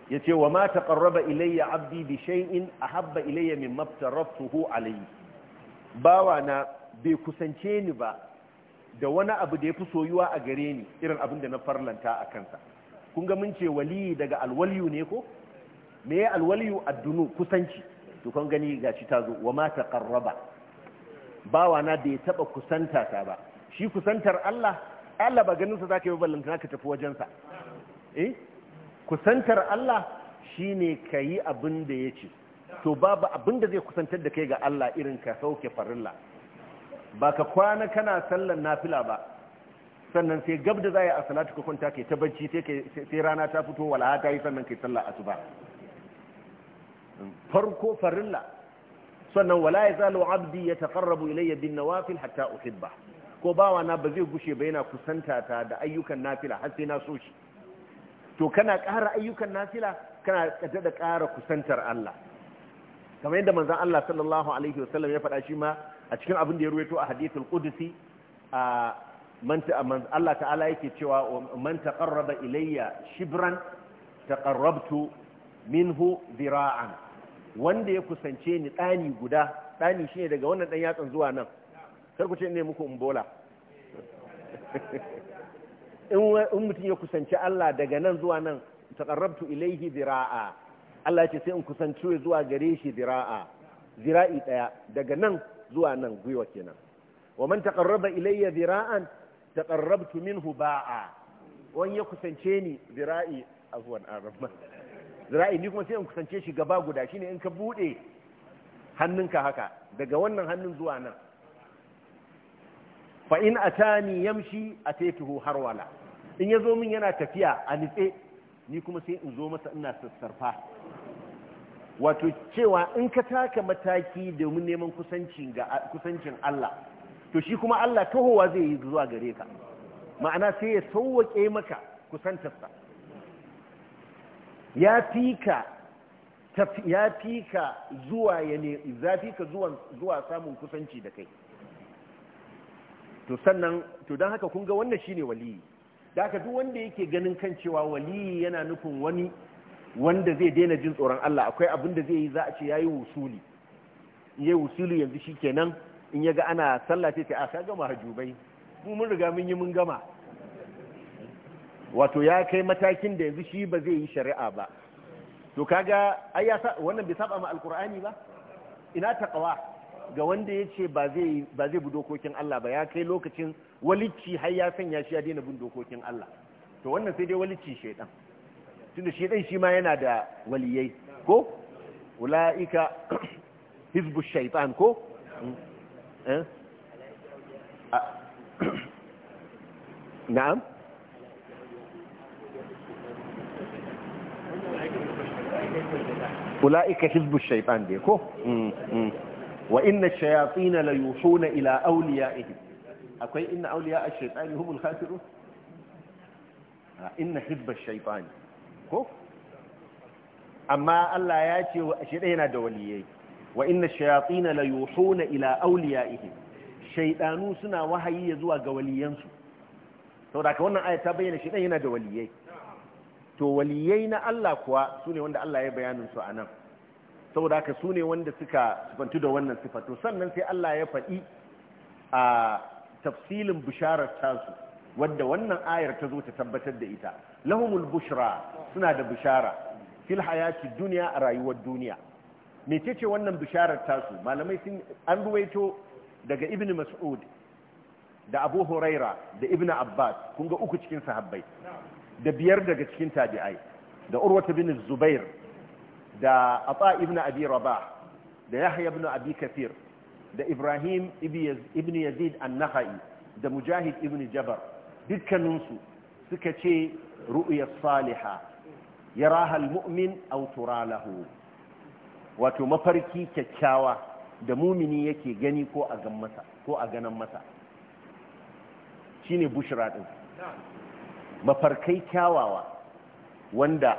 ya ce wa ma ta ƙarraba ilayya abdi bi shay'in a habba ilayya min maftaraftuhu alayhi bawa na bai kusance ni ba da wani abu da ya fi soyuwa a gare ni irin abin da na farlanta a kansa kun ga mun ce waliyi daga alwaliyu ne ko me ya alwaliyu addunu kusanci to gani ga shi ta zo wa ma taqarraba bawa na bai taba kusanta ta ba shi kusantar Allah Allah ba ganin sa zaka yi ballantana ka tafi wajen sa eh kusantar Allah shine kayi abin da ce to babu abin da zai kusantar da kai ga Allah irin ka sauke farilla ba ka kwana kana sallan nafila ba sannan sai gabda da zai a salatu ka kwanta kai ta bacci sai rana ta fito wala ta yi sannan kai sallar asuba farko farilla sannan wala yazalu abdi ya ilayya bin nawafil hatta uhibba ko bawa na ba zai gushe ba yana kusanta ta da ayyukan nafila har sai na so shi to kana ƙara ayyukan nafila kana kada da ƙara kusantar Allah kamar yadda manzon Allah sallallahu alaihi wasallam ya faɗa shi ma a cikin abin da ya ruwaito a hadithul qudsi a man Allah ta'ala yake cewa man taqarraba ilayya shibran taqarrabtu minhu dhira'an wanda ya kusance ni ɗani guda ɗani shine daga wannan ɗan yatsan zuwa nan kar ku ce ne muku umbola in mutum ya kusanci Allah daga nan zuwa nan ƙarrabtu ilaihi zira'a Allah ya ce sai in kusanci zuwa gare shi zira'a zira'i ɗaya, daga nan zuwa nan gwiwa kenan wa man taqarraba ilayya zira'an taqarrabtu minhu ba'a wani ya kusance ni zira'i a zuwan arabman zira'i ni kuma sai in kusance shi gaba guda shine in ka buɗe hannunka haka daga wannan hannun zuwa nan fa in atani yamshi har wala, in yazo min yana tafiya a nitse ni kuma sai in zo masa ina sassarfa wato cewa in ka taka mataki domin neman kusancin Allah to shi kuma Allah tahowa zai yi zuwa gare ka ma'ana sai ya sauwaƙe maka kusantarsa ya fika ya zuwa ya ne fika zuwa samun kusanci da kai to sannan to don haka kun ga wannan shine waliyi da aka duk wanda yake ganin kan cewa waliyi yana nufin wani wanda zai daina jin tsoron Allah akwai abin da zai yi za a ce yayi wusuli yayi wusuli yanzu shi shikenan in ya ga ana sallah sai ta a ka gama hajjubai mu mun riga mun yi mun gama wato ya kai matakin da yanzu shi ba zai yi shari'a ba to kaga ai ya wannan bai saba ma alqur'ani ba ina taqwa ga wanda yace ba zai ba zai bi dokokin Allah ba ya kai lokacin walicci har ya sanya shi ya daina bin dokokin Allah to wannan sai dai walicci shedan tunda shedan shi ma yana da waliyai ko ulaika *clears throat* hizbu shaytan ko eh? *clears throat* na'am ula'ika hizbu shaitan dai ko wa inna shayatina la yuhuna ila awliya'ihi akwai inna awliya'a shaytani humul khasirun inna hizba shaytani ko amma Allah ya ce shaytan yana da waliyai wa inna shayatina la yuhuna ila awliya'ihi shaydanu suna wahayi zuwa ga waliyansu saboda ka wannan aya ta bayyana shaytan yana da waliyai to waliyai na Allah kuwa su ne wanda Allah ya bayanin su a nan saboda haka su ne wanda suka sifantu da wannan sifa sannan sai Allah ya faɗi a tafsilin bisharar tasu wadda wannan ayar ta zo ta tabbatar da ita lahumul bushra suna da bishara fil hayati duniya a rayuwar duniya mecece wannan bisharar tasu malamai sun an ruwaito daga ibn mas'ud da abu huraira da ibn abbas kun ga uku cikin sahabbai da biyar daga cikin tabi'ai da urwata bin zubair da ata ibn abi rabah da yahya ibn abi kathir da ibrahim ibn yazid an-nakhai da mujahid ibn jabar dukkaninsu suka ce ru'ya salihah yaraha al-mu'min aw tura lahu wato mafarki kyakkyawa da mumini yake gani ko a ganin masa ko a ganan masa shine bushra din mafarkai kyawawa wanda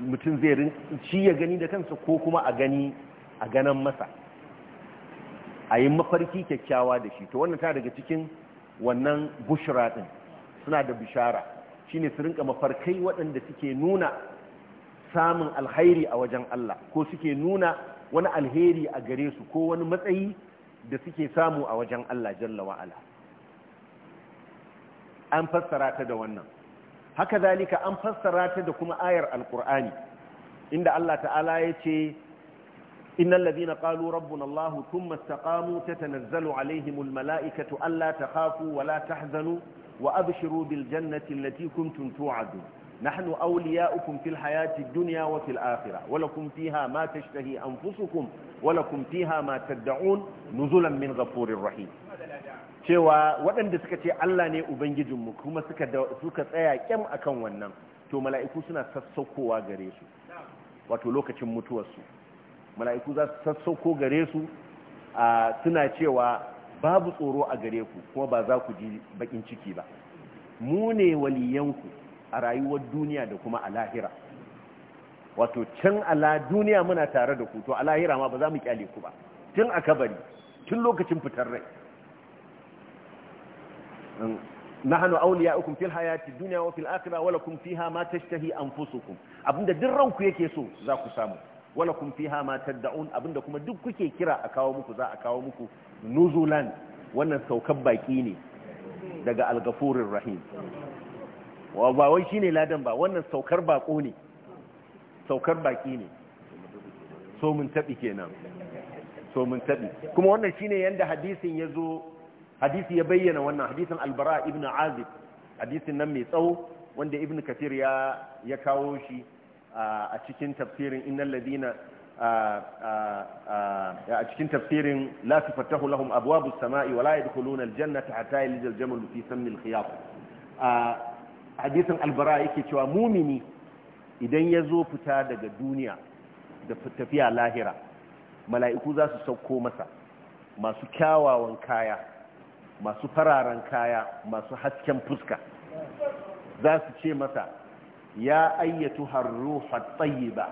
mutum zai rinci ya gani da kansa ko kuma a gani a ganan masa a yi mafarki kyakkyawa da shi to wannan ta daga cikin wannan bushra din suna da bishara shine su rinka mafarkai waɗanda suke nuna samun alhairi a wajen Allah ko suke nuna wani alheri a gare su ko wani matsayi da suke samu a wajen Allah jalla wa'ala an fassara ta da wannan haka zalika an fassara ta da kuma ayar alqur'ani inda Allah ta'ala ya ce innal ladina qalu rabbuna Allah thumma istaqamu tatanazzalu alaihimul mala'ikatu alla takhafu wa la tahzanu wa abshiru bil jannati allati kuntum tu'adu nahnu awliyaukum fil نحن dunya wa fil akhirah wa lakum fiha ma tashtahi anfusukum wa lakum fiha ma tad'un nuzulan min ghafurir rahim cewa waɗanda suka ce Allah ne ubangijinmu kuma suka suka tsaya kyam akan wannan to mala'iku suna sassaukowa gare su wato lokacin mutuwarsu mala'iku za su sassauko gare su suna cewa babu tsoro a gare ku kuma ba za ku ji bakin ciki ba mu ne waliyanku a rayuwar duniya da kuma a lahira wato can ala duniya muna tare da ku to a lahira ma ba za mu kyale ku ba tun a kabari tun lokacin fitar rai nahnu awliya'ukum fil hayati dunya wa fil akhirah wa lakum fiha ma tashtahi anfusukum abinda duk ranku yake so za ku samu wa lakum fiha ma tad'un abinda kuma duk kuke kira a kawo muku za a kawo muku nuzulan wannan saukan baki ne daga al-ghafurur rahim wa ba wai shine ladan ba wannan saukar bako ne saukar baki ne so mun tabi kenan so mun tabi kuma wannan shine yanda hadisin yazo hadisi ya bayyana wannan hadisin albara ibn azib hadisin nan mai tsawo wanda ibn kathir ya ya kawo shi a cikin tafsirin innal ladina a cikin tafsirin la tafatahu lahum abwabu samai wa la yadkhuluna al-jannata hatta al-jamal fi sammi al-khiyat hadisin albara yake cewa mumini idan ya zo fita daga duniya da tafiya lahira mala'iku za su sauko masa masu kyawawan kaya masu fararen kaya masu hasken fuska za su ce masa ya ayyatu harru ba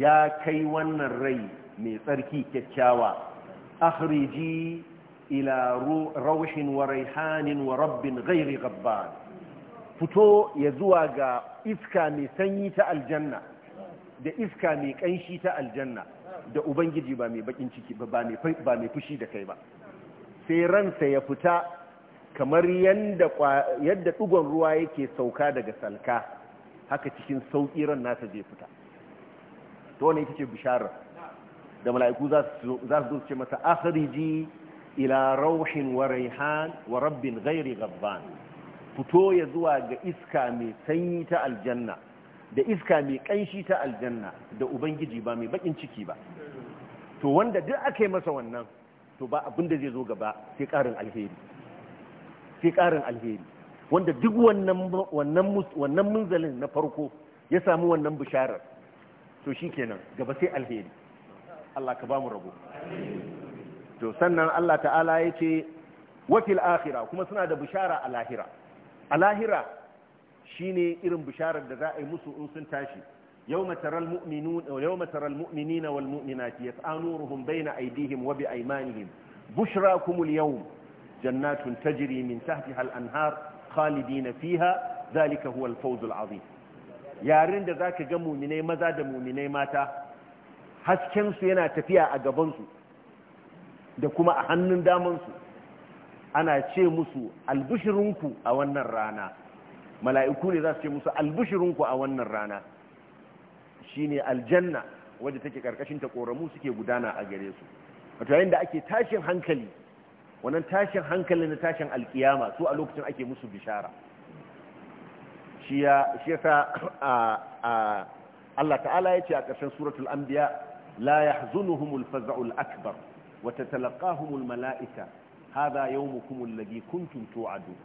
ya kai wannan rai mai tsarki kyakkyawa ji ila raushin wa raihanin wa rabbin gairi gabban fito ya zuwa ga iska mai sanyi ta aljanna da iska mai kanshi ta aljanna da ubangiji ba mai bakin ciki ba mai fushi da kai ba sai ransa ya fita kamar yadda ɗugon ruwa yake sauka daga salka haka cikin sauƙi ran nasa zai fita to wani ita ce bisharar da mala'iku za su zo ce masa akhriji ila rauhin wa raihan wa rabbin gairi gabban fito ya zuwa ga iska mai sanyi ta aljanna da iska mai kanshi ta aljanna da ubangiji ba mai baƙin ciki ba to wanda duk aka yi masa wannan to ba abin da zai zo gaba sai ƙarin alheri sai ƙarin alheri wanda duk wannan munzalin na farko ya samu wannan bisharar to shi kenan gaba sai alheri Allah ka ba mu rabo to sannan Allah ta'ala ya ce wakil akhira kuma suna da bishara a lahira a lahira shine irin bisharar da za a yi musu in sun tashi يوم ترى المؤمنون يوم ترى المؤمنين والمؤمنات يسعى نورهم بين أيديهم وبأيمانهم بشراكم اليوم جنات تجري من تحتها الأنهار خالدين فيها ذلك هو الفوز العظيم يا رند ذاك جم مؤمني ماذا ده مؤمني ماتا haskensu yana tafiya a اجابونسو da kuma a hannun شي ana ce musu رانا a wannan rana mala'iku ne za su ce musu a wannan rana shine aljanna wadda take karkashin ta koramu suke gudana a gare su wato yayin da ake tashin hankali wannan tashin hankali na tashin alkiyama su a lokacin ake musu bishara shi ya yasa a Allah ta'ala yace a ƙarshen suratul anbiya la yahzunuhumul faza'ul akbar wa tatalaqahumul mala'ika hadha yawmukum alladhi kuntum tu'adun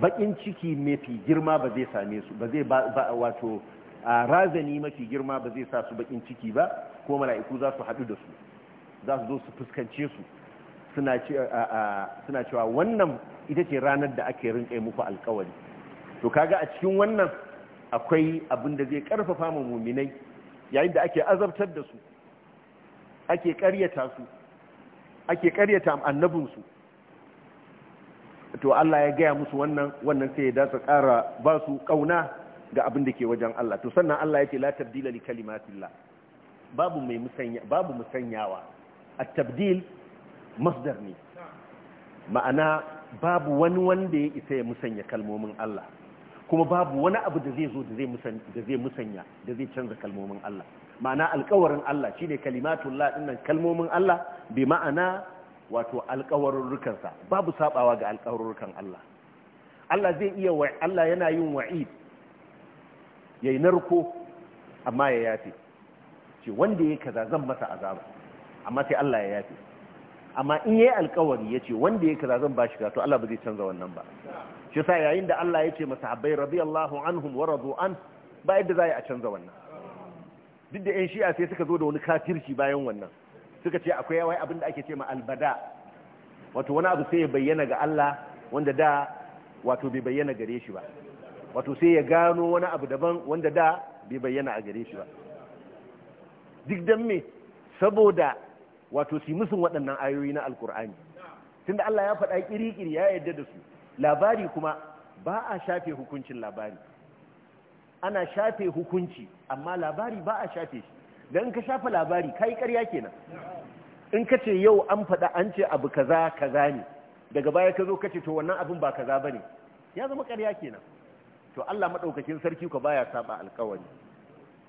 bakin ciki mafi girma ba zai same su ba zai ba wato razani mafi girma ba zai sa su bakin ciki ba ko mala'iku za su haɗu da su za su zo su fuskance su suna cewa wannan ita ce ranar da ake rinƙai muku alkawari to kaga a cikin wannan akwai abin da zai karfafa mu muminai yayin da ake azabtar da su ake karyata su ake karyata annabinsu to Allah ya gaya musu wannan wannan sai ya su ƙara ba su ƙauna ga abin da ke wajen Allah to sannan Allah ya ce la tabdila li kalimatillah babu mai musanya babu musanyawa at-tabdil masdar ne ma'ana babu wani wanda ya isa ya musanya kalmomin Allah kuma babu wani abu da zai zo da zai musanya da zai musanya da zai canza kalmomin Allah ma'ana alƙawarin Allah shine kalimatullah dinnan kalmomin Allah bi ma'ana wato alkawarurrukansa babu sabawa ga alkawarurrukan Allah Allah zai iya wa Allah yana yin wa'id yayi narko amma ya yafe ce wanda yake kaza zan masa azaba amma sai Allah ya yafe amma in yayi alkawari yace wanda yake kaza zan bashi to Allah ba zai canza wannan ba shi sa yayin da Allah yace masahabbai radiyallahu anhum wa radu an ba yadda za a canza wannan duk da yan shi'a sai suka zo da wani kafirci bayan wannan suka ce akwai yawai abin da ake ce ma albada wato wani abu sai ya bayyana ga Allah wanda da wato bai bayyana gare shi ba wato sai ya gano wani abu daban wanda da bai bayyana a gare shi ba duk dan me saboda wato su musun waɗannan ayoyi na alkur'ani tunda Allah ya faɗa kiri-kiri ya yarda da su labari kuma ba a shafe hukuncin labari ana shafe hukunci amma labari ba a shafe shi dan ka shafa labari ka yi karya kenan in ka ce yau an faɗa an ce abu kaza kaza ne daga baya ka zo ka ce to wannan abin ba kaza bane ya zama karya kenan to Allah madaukakin sarki ko baya saba alƙawari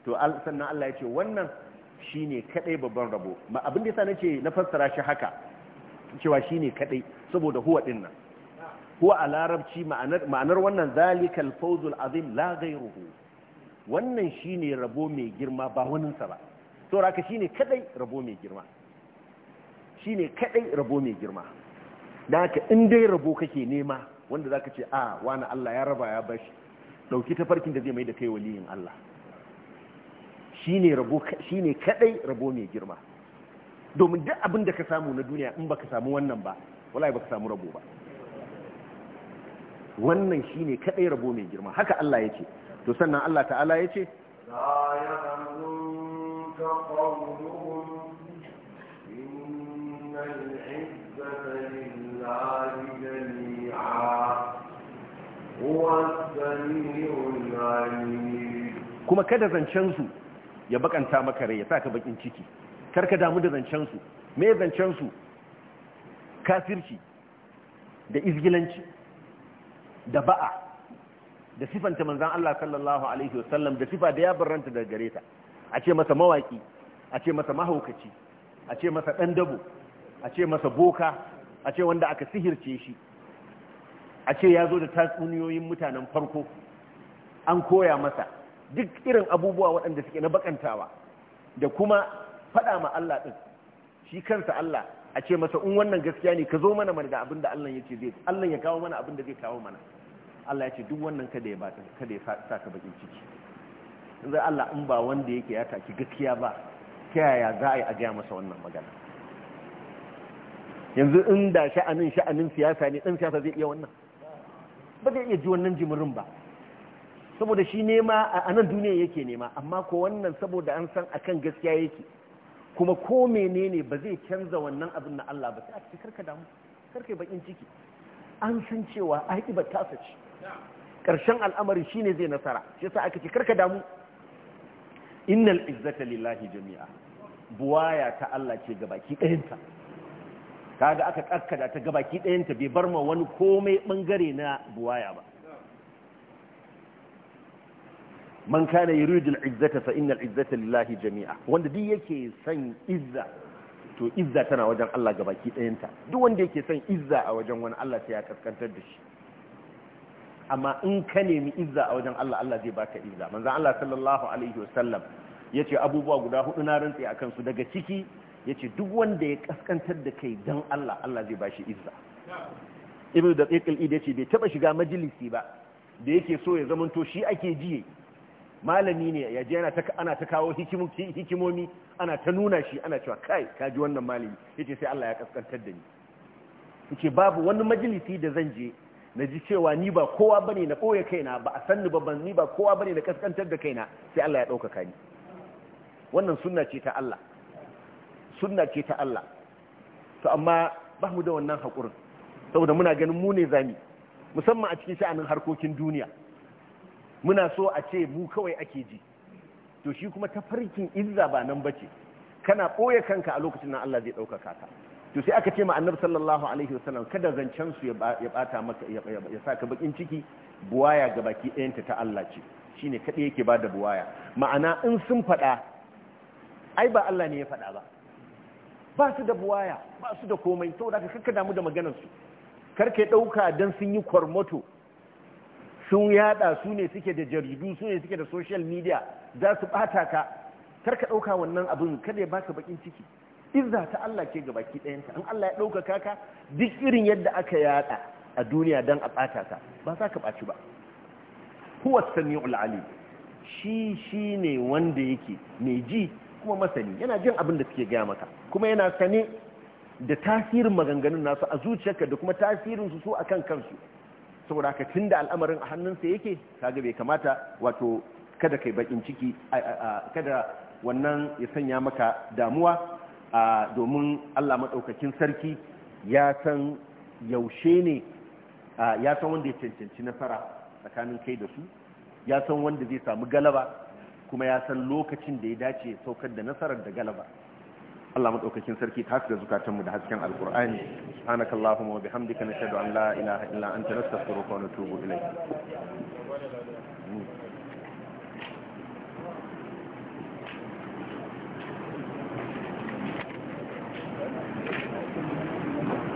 to sannan Allah ya ce wannan shine kadai babban rabo ma abin da yasa sa na fassara shi haka cewa shine kadai saboda huwa din nan huwa a larabci ma'anar wannan zalikal fawzul azim la ghayruhu wannan shi ne rabo mai girma ba waninsa ba saboda shi ne kadai rabo mai girma shi ne kadai rabo mai girma da haka inda ya rabo kake nema wanda za ka ce a ah, wani Allah ya raba ya bashi dauki farkin da zai mai da kai waliyin Allah shi ne kadai rabo mai girma domin duk abin da ka samu na duniya in ba ka samu wannan ba wala ba ka samu rabo ba wannan shi ne kadai rabo mai girma haka Allah ya ce. to sannan Allah ta'ala ya ce kuma kada zancensu ya bakanta maka rai ya sa ka bakin ciki karka damu da zancensu me zancensu kafirci da izgilanci da ba'a da sifanta manzan Allah sallallahu alaihi wasallam da sifa da ya barranta da gare ta a ce masa mawaki a ce masa mahaukaci a ce masa ɗan dabo a ce masa boka a ce wanda aka sihirce shi a ce ya zo da tatsuniyoyin mutanen farko an koya masa duk irin abubuwa waɗanda suke na bakantawa da kuma faɗa ma Allah ɗin shi kansa Allah a ce masa in wannan gaskiya ne ka zo mana mana da abin da Allah ya ce zai Allah ya kawo mana abin da zai kawo mana Allah ya ce duk wannan kada ya bata kada ya sa ka bakin ciki yanzu Allah in ba wanda yake ya taki gaskiya ba ta yaya za a yi a gaya masa wannan magana yanzu in da sha'anin sha'anin siyasa ne dan siyasa zai iya wannan ba zai iya ji wannan jimirin ba saboda shi nema a nan duniya yake nema amma ko wannan saboda an san akan gaskiya yake kuma ko menene ba zai canza wannan abin na Allah ba sai a cikin karka damu karka bakin ciki an san cewa aiki ba tasa ce ƙarshen al'amari ne zai nasara shi sa aka ce karka damu innal izzata lillahi jami'a buwaya ta Allah ce gabaki ɗayanta kaga aka karkada ta gabaki ɗayanta bai bar ma wani komai ɓangare na buwaya ba man kana yi al-izzata sa innal izzata lillahi jami'a wanda duk yake son izza to izza tana wajen Allah gabaki ɗayanta duk wanda yake son izza a wajen wani Allah sai ya kaskantar da shi amma in ka nemi izza a wajen Allah Allah zai baka izza manzon Allah sallallahu alaihi wasallam yace abubuwa guda hudu na rantsi akan su daga ciki yace duk wanda ya kaskantar da kai dan Allah Allah zai bashi izza ibnu da qiqil ide yace bai taba shiga majalisi ba da yake so ya zamanto shi ake jiye malami ne ya je ana ta kawo hikimomi ana ta nuna shi ana cewa kai ka ji wannan malami yace sai Allah ya kaskantar da ni yace babu wani majalisi da zan je na ji cewa ni ba kowa bane na ɓoye kaina ba a sanni babban ni ba kowa bane na kaskantar da kaina sai Allah ya ɗaukaka ni wannan sunna ce ta Allah sunna ce ta Allah to amma ba mu da wannan haƙurin saboda muna ganin mu ne zami musamman a cikin sha'anin harkokin duniya muna so a ce mu kawai ake ji to shi kuma ta farkin izza ba nan bace kana ɓoye kanka a lokacin nan Allah zai ɗaukaka ka to sai aka ce ma annabi sallallahu alaihi wasallam kada zancen su ya bata maka ya saka bakin ciki buwaya ga baki ɗayanta ta Allah ce shine kadai yake bada buwaya ma'ana in sun faɗa ai ba Allah ne ya faɗa ba ba su da buwaya ba su da komai saboda ka kakka damu da maganar su karke dauka dan sun yi kwarmoto sun yada su ne suke da jaridu su ne suke da social media za su bata ka karka dauka wannan abin kada ya baka bakin ciki Iza ta Allah ce gabaki ɗayanta in Allah ya ɗaukaka ka duk irin yadda aka yada a duniya don a ɓata ka ba za ka ɓaci ba huwa sani ul'ali shi shi ne wanda yake mai ji kuma masani yana jin abin da suke gaya maka kuma yana sani da tasirin maganganun nasu a zuciyarka da kuma tasirin su su akan kansu saboda ka tunda al'amarin a hannunsa yake kaga bai kamata wato kada kai bakin ciki kada wannan ya sanya maka damuwa domin Allah maɗaukakin sarki ya san yaushe ne ya san wanda ya cancanci nasara tsakanin kai da su ya san wanda zai samu galaba kuma ya san lokacin da ya dace saukar da nasarar da galaba Allah maɗaukakin sarki ta haska zukatanmu da hasken alkur'ani subhanaka allahumma wa bihamdika nashhadu an la ilaha illa anta nastaghfiruka wa natubu ilayk